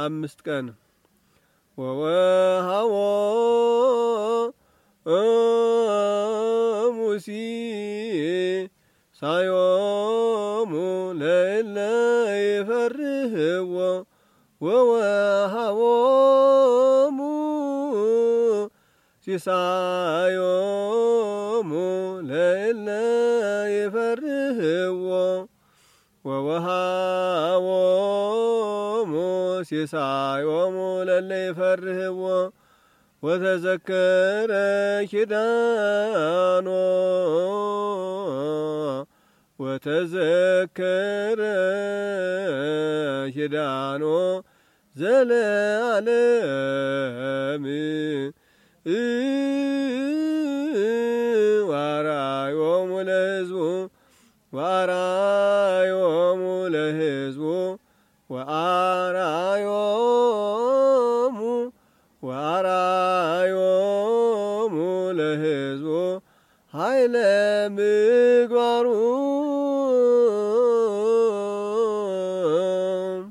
አምስት ቀን ወወሃዎ ሙሲ ሳዮሙ ለለ ይፈርህዎ ወወሃዎሙ ሲሳዮሙ ለለ ይፈርህዎ ወወሃዎ ሲሳዮሙ ለለ ይፈርህዎ ወተዘከረ ኪዳኖ ወተዘከረ ኪዳኖ ዘለዓለም ዋራዮሙ ለህዝቡ ዋራዮሙ ለህዝቡ ወአራዮሙ ወአራዮሙ ለህዝቡ ኃይለ ምግባሩ